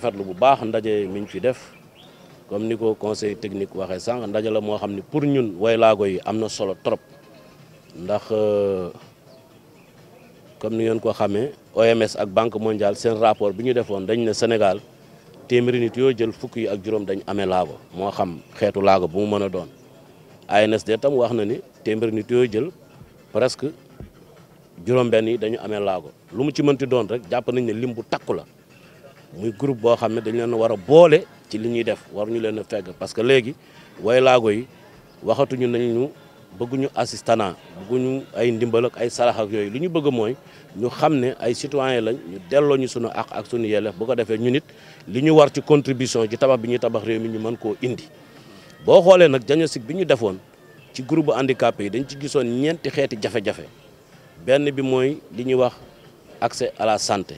rafetlu bu baax ndaje mi ñu fi def comme ni ko conseil technique waxee sànq ndaje la moo xam ne pour ñun waylaago yi am na solo trop ndax euh, comme ni ngeen ko xamee OMS ak Banque mondiale seen rapport bi ñu defoon dañ ne Sénégal téeméeri nit yoo jël fukk yi ak juróom dañ amee laago moo xam xeetu laago bu mu mën a doon ANSD tam wax na ni téeméeri nit yoo jël presque juróom-benn yi dañu amee laago lu mu ci mënti doon rek jàpp nañ ne lim bu takku la. muy groupe boo xam ne dañ leen war a boole ci li ñuy def war ñu leen a fegg parce que léegi way laago yi waxatuñu nañ ñu bëgguñu assistana bëgguñu ay ndimbal ay sarax yooyu li ñu bëgg mooy ñu xam ne ay citoyen lañ ñu delloo ñu sunu àq ak sunu yelleef bu ko defee ñu nit li ñu war ci contribution ci tabax bi ñu tabax réew mi ñu mën koo indi boo xoolee nag diagnostic bi ñu defoon ci groupe handicapé yi dañ ci gisoon ñeenti xeeti jafe-jafe benn bi mooy li ñuy wax accès la santé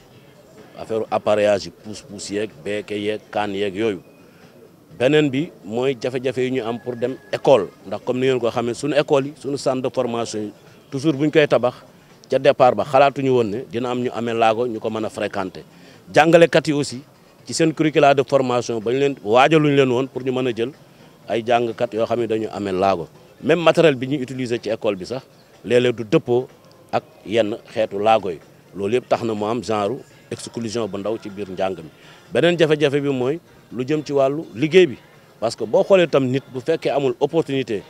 affaire appareillage yi pousse pousse yeeg beeke yeeg kaan yeeg yooyu beneen bi mooy jafe-jafe yi ñu am pour dem école ndax comme ni ngeen ko xamee suñu école yi suñu centre de formation toujours bu ñu koy tabax ca départ ba xalaatuñu woon ne dina am ñu amee laago ñu ko mën a fréquenter jàngalekat yi aussi ci seen curricula de formation ba ñu leen waajaluñ leen woon pour ñu mën a jël ay jàngkat yoo xam ne dañu amee laago même matériel bi ñu utiliser ci école bi sax léeg du dëppoo ak yenn xeetu laago yi loolu yëpp tax na mu am genre exclusion bu ndaw ci biir njàng mi beneen jafe-jafe bi mooy lu jëm ci wàllu liggéey bi parce que boo xoolee tam nit bu fekkee amul opportunité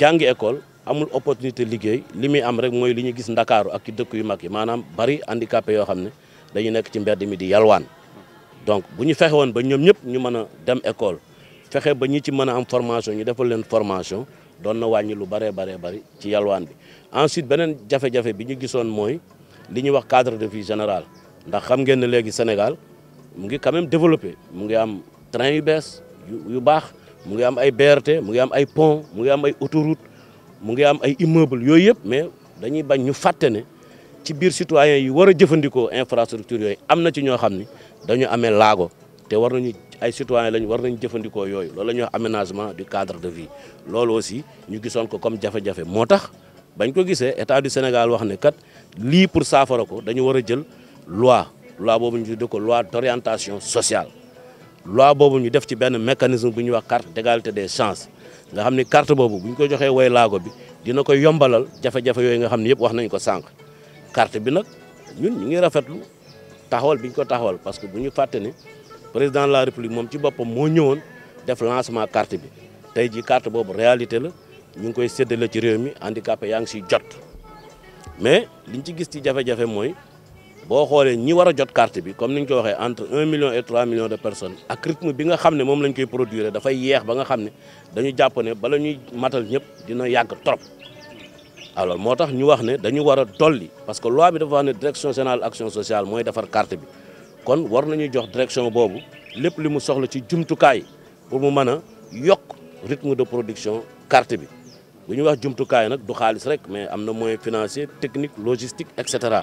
jàngi école amul opportunité liggéey li muy am rek mooy li ñu gis ndakaaru ak ci dëkk yu mag yi maanaam bari handicapé yoo xam ne dañu nekk ci mbedd mi di yalwaan donc bu ñu fexe woon ba ñoom ñëpp ñu mën a dem école fexe ba ñi ci mën a am formation ñu defal leen formation doon na wàññi lu baree baree bari ci yalwaan bi ensuite beneen jafe bi ñu gisoon mooy li ñuy wax cadre de vie générale ndax xam ngeen ne léegi Sénégal mu ngi quand développé mu ngi am train yu bees yu baax mu ngi am ay BRT mu ngi am ay pont mu ngi am ay autoroute mu ngi am ay immeuble yooyu yëpp mais dañuy bañ ñu fàtte ne ci biir citoyen yi war a jëfandikoo infrastructure yooyu am na ci ñoo xam ni dañu amee laago te war nañu ay citoyen lañ war nañu jëfandikoo yooyu loolu la ñuy wax aménagement du cadre de vie loolu aussi ñu gisoon ko comme jafe-jafe moo tax bañ ko gisee état du Sénégal wax ne kat lii pour saafara ko dañu war a jël loi loi boobu ñu tuddee ko loi d'orientation sociale loi bobu ñu def ci ben mécanisme bu ñu wax carte d'égalité des chances nga xamni carte bobu buñ ko joxé way laago bi dina ko yombalal jafé jafé yoy nga xamni yépp wax nañ ko sank. carte bi nak ñun ñu ngi rafetlu taxawal biñ ko taxawal parce que buñu faté né président de la république mom ci bopam mo ñëwoon def lancement carte bi Tay ji carte bobu réalité la ñu ngi koy sédélé ci réew mi handicapé yaa ngi siy jot mais liñ ci gis ci jafé jafé moy boo xoolee ñi war a jot carte bi comme ni ñu waxee entre un million et trois millions de personnes ak rythme bi nga xam ne moom lañ koy produire dafay yeex ba nga xam ne dañu jàpp ne bala ñuy matal ñëpp dina yàgg trop. alors moo tax ñu wax ne dañu war a dolli parce que loi bi dafa wax ne direction générale action sociale mooy defar carte bi kon war nañu jox direction boobu lépp li mu soxla ci jumtukaay pour mu mën a yokk rythme de production carte bi bu ñu wax jumtukaay nag du xaalis rek mais am na moyen financier technique logistique et cetera.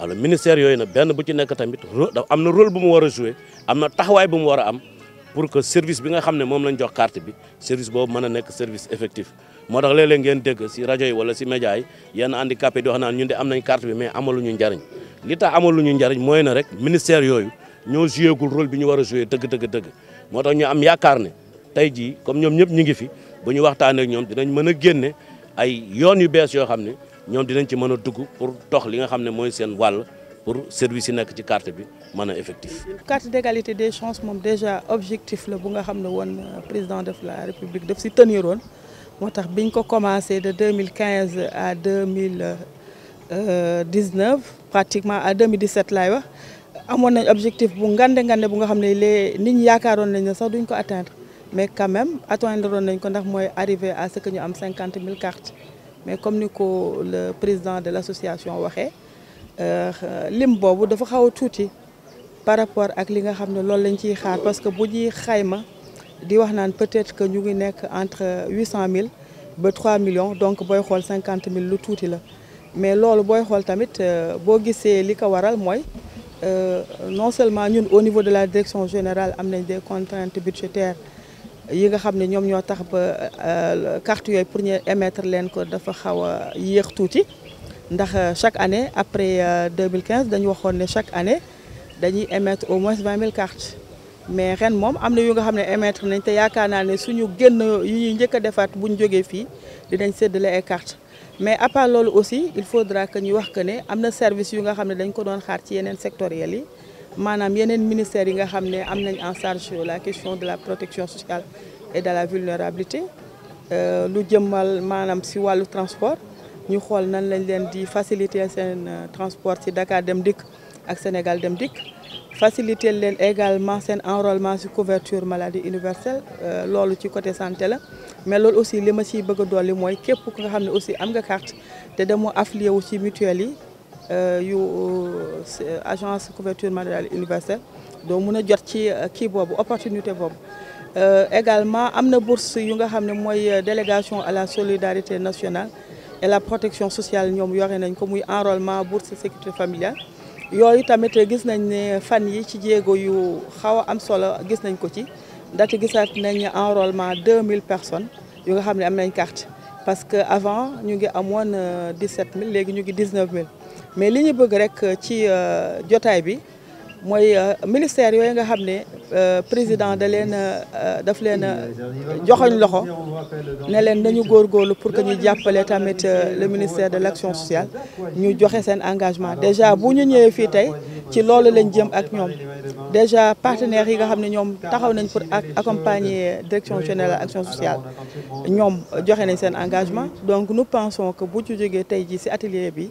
alors ministère yoy na ben bu ci nek tamit am na rôle bu mu wara jouer am na bu mu wara am pour que service bi nga xam mom lañ jox carte bi service bobu meuna nek service effectif moo lele ngeen dégg si raja yi wala si média yi yenn handicapé di wax naan ñun de am nañ carte bi mais ñu njariñ li tax ñu njariñ moy na rek ministère yoy ñoo jouer gul rôle bi ñu wara jouer joué dëgg dëgg motax ñu am yaakar ne tay ji comme ñom ñep ñi ngi fi bu ñu waxtaan ak ñom dinañ meuna a ay yoon yu yo Nous dinañ ci mëna dugg pour dox li nga pour service nek ci carte bi effectif. carte d'égalité des chances mom déjà objectif le bu nga xamné euh, président de la république daf ci tenir won commencé de 2015 à 2019 euh, pratiquement à 2017 lay wax objectif bu ngandé ngandé bu nga xamné les nit sax duñ ko atteindre mais quand même atteindre nañ ko ndax arrivé à ce que ñu am 50 000 cartes. Mais comme le président de l'association euh, a dit, ce qui est très tout par rapport à ce que nous fait, parce que si nous disons, peut-être que nous sommes entre 800 000 et 3 millions, donc si nous 50 000, Mais ce nous savons, si ce qui est non seulement nous, au niveau de la direction générale, nous des contraintes budgétaires, yi nga xam ne ñoom ñoo tax ba euh, carte yooyu pour ñu émettre leen ko dafa xaw a yéex tuuti ndax euh, chaque année après 2015 euh, dañu waxoon ne chaque année dañuy émettre au moins 20 000 cartes mais ren moom am na yu nga xam ne émettre nañ te yaakaar naa ne suñu génn yu ñuy njëkk a defaat bu ñu jógee fii dinañ séddale ay cartes mais à part loolu aussi il faudra que ñu wax que ne am na service yu nga xam ne dañ ko doon xaar ci yeneen sectoriels yi manam yenen ministères yi nga xamné am nañ en charge la question de la protection sociale et de la vulnérabilité euh, lu jëmmal manam si walu transport ñu xol nan lañ leen di faciliter sen euh, transport ci Dakar dem dik ak Sénégal dem dik faciliter leen également sen enrôlement si couverture maladie universelle euh, loolu ci côté santé la mais loolu aussi li ma ci bëgg doli moy képp ku nga xamné aussi am nga carte té demo affilié wu ci mutuelle yi l'agence euh, euh, euh, agence couverture maladie universelle Donc, on a jot ci kii boobu opportunité également il bourse yu nga délégation à la solidarité nationale et la protection sociale ñoom yore nañ ko à enrôlement bourse sécurité familiale Il y gis nañ ne fan yi ci jéego yu y a am solo gis nañ ko ci ndaxte nañ enrôlement 2000 personnes yu nga xam am nañ carte parce que avant ñu ngi amoon 17000 léegi ñu ngi mais li ñu bëgg rek euh, ci euh, jotay bi moy euh, ministère yo nga xamné président da leen daf leen joxoñ loxo ne leen nañu góorgóorlu pour que ñu jàppale tamit le ministère de l'action sociale ñu joxé sen engagement déjà bu ñu ñëwé fi tay ci loolu lañ jëm ak ñom déjà partenaires yi nga xamné ñom taxaw nañ pour accompagner direction générale action sociale ñom joxé nañ sen engagement donc nous pensons que bu ci jógee tay jii ci atelier bi